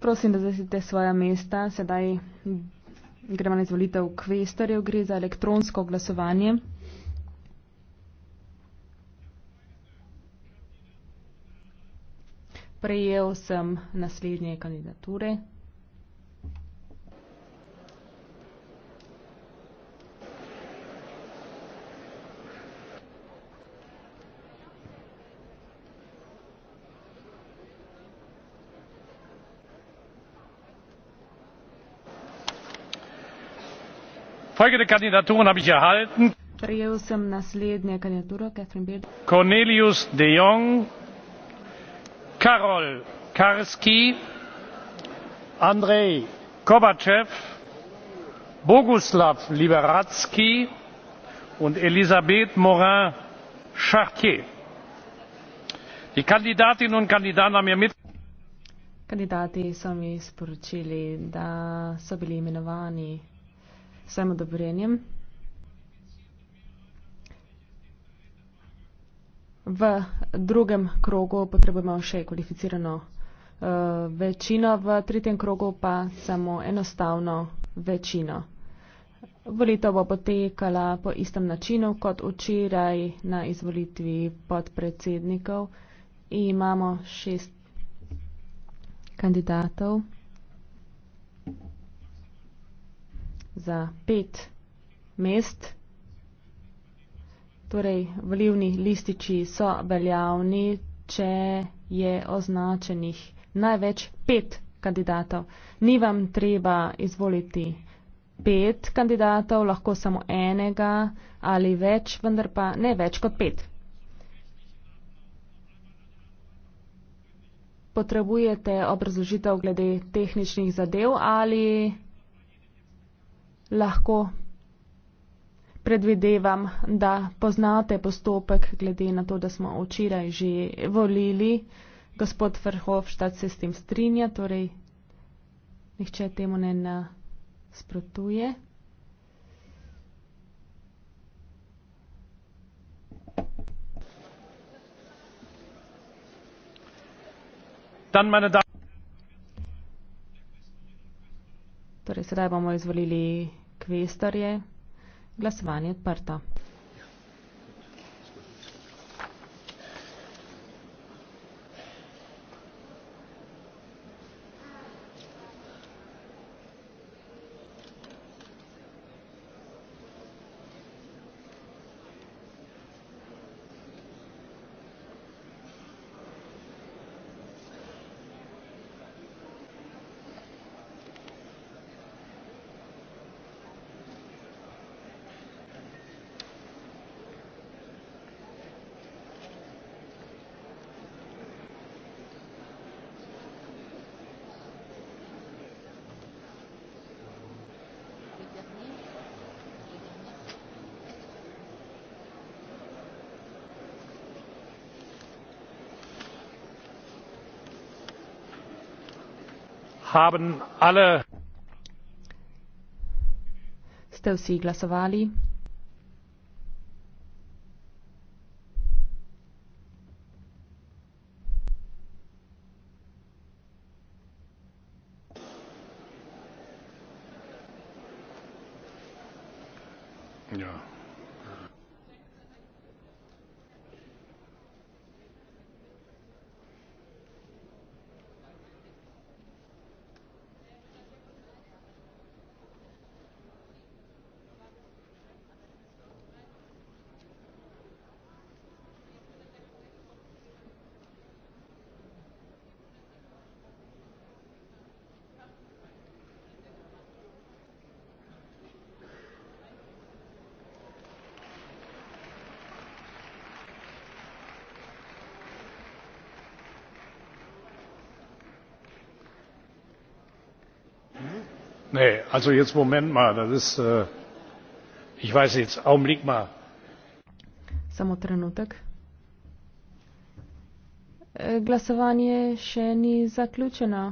Prosim, da zasedite svoja mesta. Sedaj gremo na izvolitev kvestarjev. Gre za elektronsko glasovanje. Prejel sem naslednje kandidature. folgende kandidaturen habe ich erhalten prejel sem naslednje kandidaturo catherine bearden cornelius de jong karol karski andrej kovacev boguslav liberadzki und elisabeth morin chartier. die kandidatinnen und kandidaten haben mir mit kandidati so mi sporočili da so bili imenovani vsem odobrenjem. V drugem krogu potrebujemo še kvalificirano uh, večino, v tretjem krogu pa samo enostavno večino. Volitev bo potekala po istem načinu kot včeraj na izvolitvi podpredsednikov. Imamo šest kandidatov. za pet mest. Torej, volivni lističi so veljavni, če je označenih največ pet kandidatov. Ni vam treba izvoliti pet kandidatov, lahko samo enega ali več, vendar pa ne več kot pet. Potrebujete obrazložitev glede tehničnih zadev ali lahko predvidevam, da poznate postopek glede na to, da smo včeraj že volili. Gospod Verhofstadt se s tem strinja, torej nihče temu ne nasprotuje. Torej, sedaj bomo izvolili kvestarje, glasovanje odprto. haben alle ste vsi glasovali? Ja. nee also jetzt moment mal das ist äh, ich weiß jetzt augenblick mal samo trenutek e, glasovanje še ni zaključeno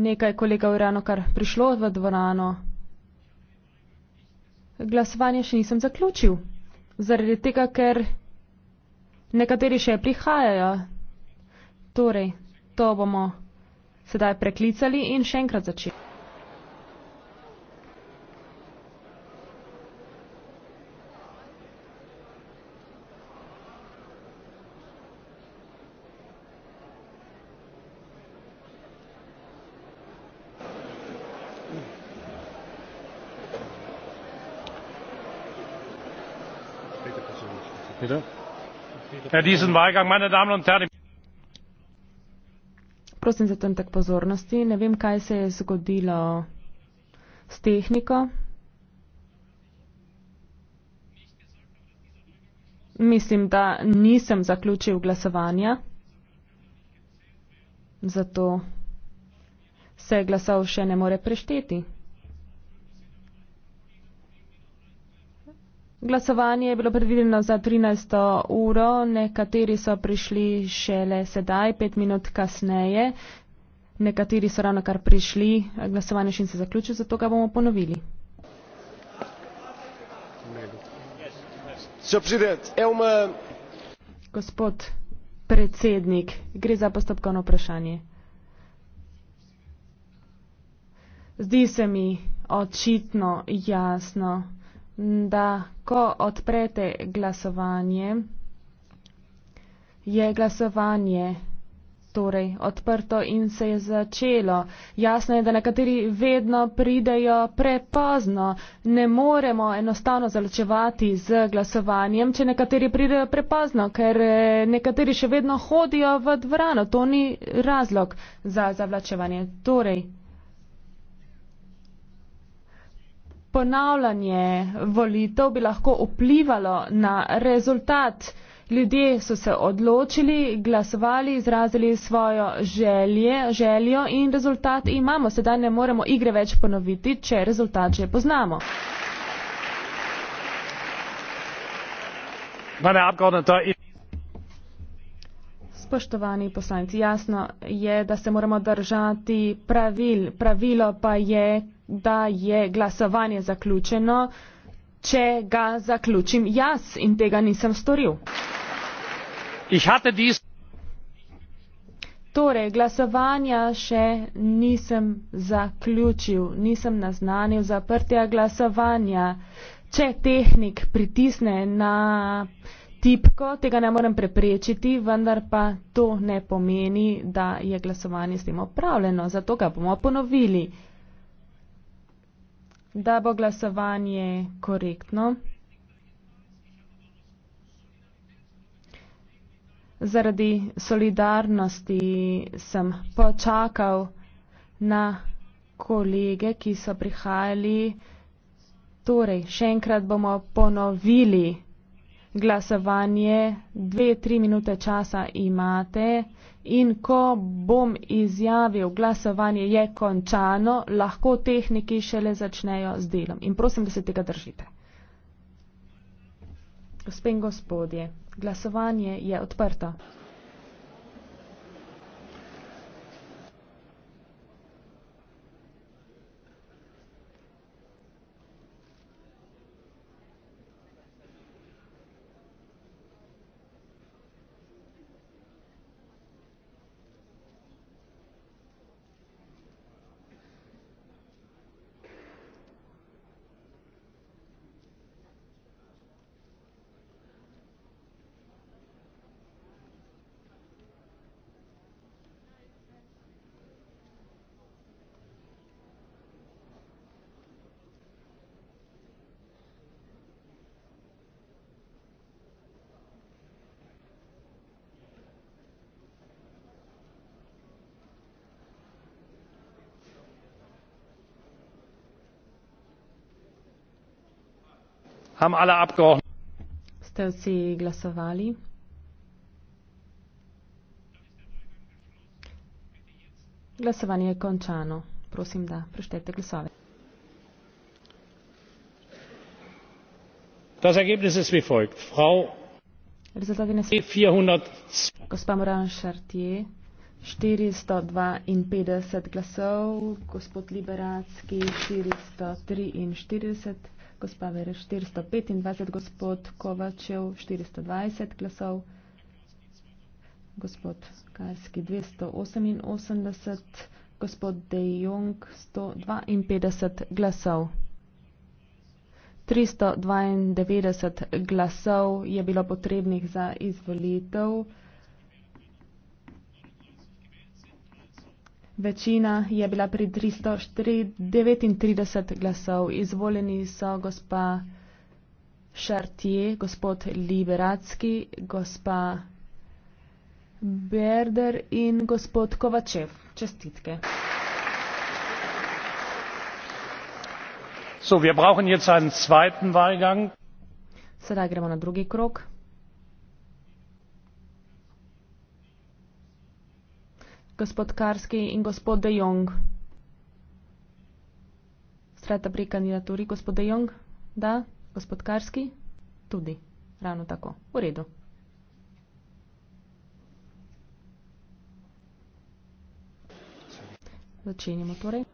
nekaj kolegov je ravno kar prišlo v dvorano glasovanje še nisem zaključil zaradi tega ker nekateri še prihajajo torej to bomo sedaj preklicali in še enkrat začeli. Herr ja, Diesen Wahlgang, meine Damen und Herren prosim za trenutek pozornosti. Ne vem, kaj se je zgodilo s tehniko. Mislim, da nisem zaključil glasovanja, zato se glasov še ne more prešteti. Glasovanje je bilo predvideno za 13. uro, nekateri so prišli šele sedaj, pet minut kasneje, nekateri so ravno kar prišli, glasovanje še ni se zaključilo, zato ga bomo ponovili. Gospod predsednik, gre za postopkovno vprašanje. Zdi se mi očitno jasno, da ko odprete glasovanje, je glasovanje torej odprto in se je začelo. Jasno je, da nekateri vedno pridejo prepozno. Ne moremo enostavno zaločevati z glasovanjem, če nekateri pridejo prepozno, ker eh, nekateri še vedno hodijo v dvorano. To ni razlog za zavlačevanje. Torej, ponavljanje volitev bi lahko vplivalo na rezultat. Ljudje so se odločili, glasovali, izrazili svojo želje, željo in rezultat imamo. Sedaj ne moremo igre več ponoviti, če rezultat že poznamo. Meine Abgeordnete, Spoštovani poslanci, jasno je, da se moramo držati pravil. Pravilo pa je, da je glasovanje zaključeno, če ga zaključim jaz in tega nisem storil. Torej, glasovanja še nisem zaključil, nisem naznanil zaprtja glasovanja. Če tehnik pritisne na tipko, tega ne morem preprečiti, vendar pa to ne pomeni, da je glasovanje s tem opravljeno. Zato ga bomo ponovili, da bo glasovanje korektno. Zaradi solidarnosti sem počakal na kolege, ki so prihajali. Torej, še enkrat bomo ponovili glasovanje, dve, tri minute časa imate in ko bom izjavil, glasovanje je končano, lahko tehniki šele začnejo z delom. In prosim, da se tega držite. Gospen gospodje, glasovanje je odprto. haben alle Abgeordneten. Ste vsi glasovali? Glasovanje je končano. Prosim, da preštejte glasove. Das Ergebnis ist wie folgt. Frau 402. E Gospa Moran Chartier, 452 glasov, gospod Liberacki 443 gospa Vere 425, gospod Kovačev 420 glasov, gospod Kajski 288, gospod De Jong 152 glasov. 392 glasov je bilo potrebnih za izvolitev. Večina je bila pri 339 glasov. Izvoljeni so gospa Šartije, gospod Liberacki, gospa Berder in gospod Kovačev. Čestitke. So, wir brauchen jetzt einen zweiten Wahlgang. Sedaj gremo na drugi krok. gospod Karski in gospod De Jong. Strata pri kandidaturi, gospod De Jong? Da, gospod Karski? Tudi, ravno tako, v redu. Začenjamo torej.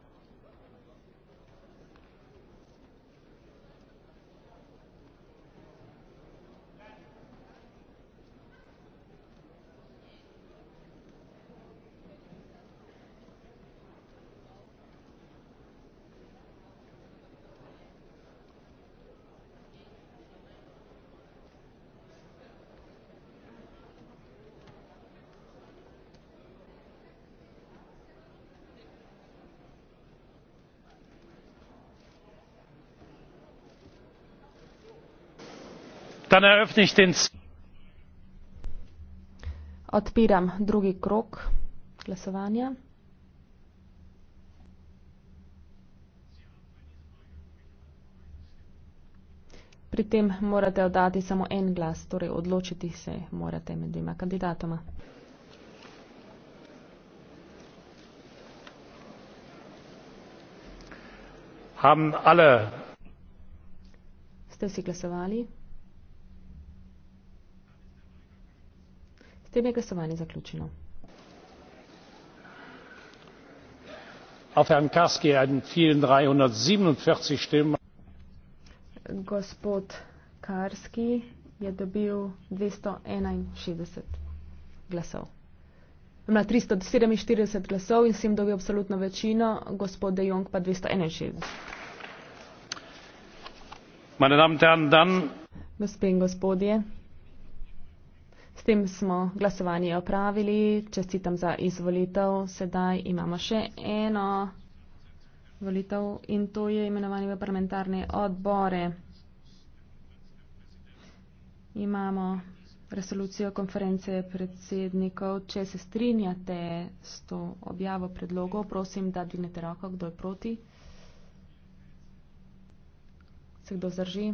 Dann eröffne ich den Odpiram drugi krok glasovanja. Pri tem morate oddati samo en glas, torej odločiti se morate med dvema kandidatoma. Haben alle. Ste vsi glasovali? Tem je glasovanje zaključeno. Gospod Karski je dobil 261 glasov. Ima 347 glasov in sem dobil absolutno večino, gospod De Jong pa 261. Gospe in gospodje. S tem smo glasovanje opravili, čestitam za izvolitev. Sedaj imamo še eno volitev in to je imenovanje v parlamentarne odbore. Imamo resolucijo konference predsednikov. Če se strinjate s to objavo predlogov, prosim, da dvignete roko, kdo je proti. Se kdo zdrži?